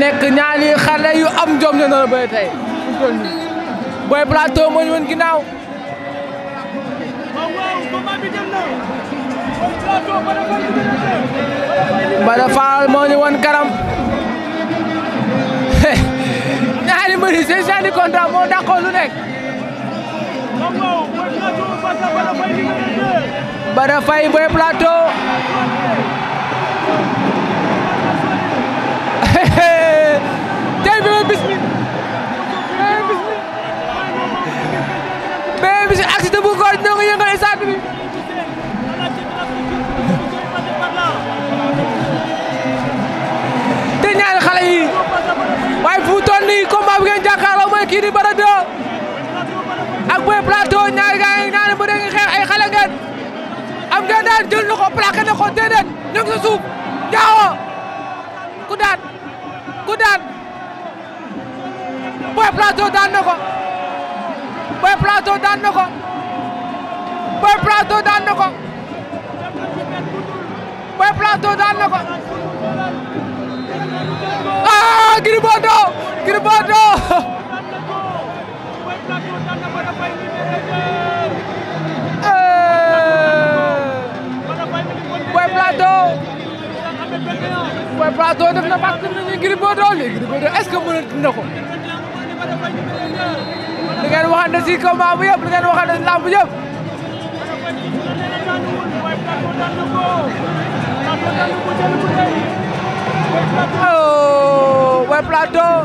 nekk ñaari xale yu am jom ne na bëri tey Boy Plateau moo ñu woon ginnaaw Bada Fall moo ñu woon kanam ñaari mbir yi seen seeni contrat moo dàqoo lu nekk Bada Faye Boy Plateau di Bara 2 ak Boy Plateau ñaari gaa yi ñaari ngi xeex ay xale ngeen am ngeen daan jël na ko plaqué na ko déedéet ku daan ku daan Boy Plateau daan na ko Boy Plateau daan na ko Boy Plateau daan na ko Boy plateau def na bàq nañu Gris Bordeaux léegi Gris Bordeaux est-ce que mënati na ko li ngeen waxante si combat bu yëpp li ngeen waxante yëpp oh Boy Plateau